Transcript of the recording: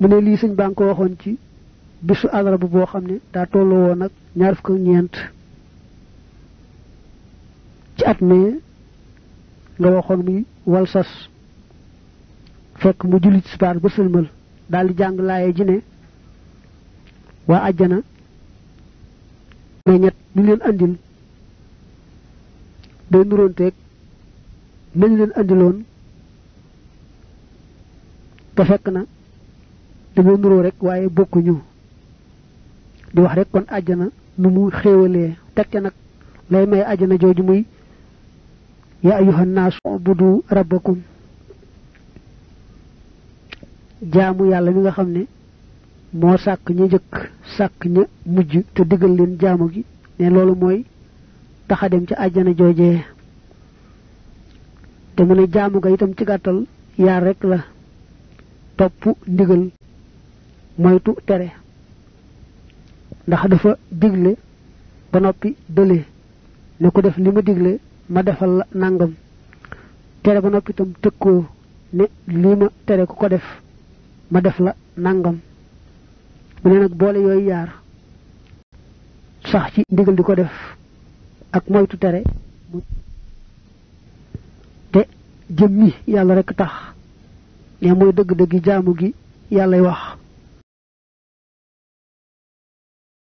mune li lii ko waxon ci bisu alarba bo xamne da daa won nak ñaar fuk ñent ci at mee nga waxon mi wal sas fek mu julit ci sibaar ba dal daal di jang laaye ji ne wa aljana ñet ñu andil day nañ leen andilon ba fek na dañu nuro rek waaye bokkuñu di wax rek kon aljana nu mu xewale teg nak lay may aljana joju muy ya ayuha nas budu rabbakum jaamu yalla mi nga xamne mo sak ñi jëk sak ñi mujj te diggal leen jaamu gi ne lolu moy taxa dem ci aljana joojee te mu ne jaamu ga itam ci gàttal yaar rek la top ndigal moytu tere ndax dafa digle ba nopi dële ne ko def limu diglé digle ma defal nangam tere ba nopi tam tëkkoo ne lima téré tere ko def ma def la nangam mu ne nag boole yoy yar sax ci ndigal diko def ak moytu tere té jëmmi yalla rek tax ne moy dëgg-dëgg jaamu gi yalla wax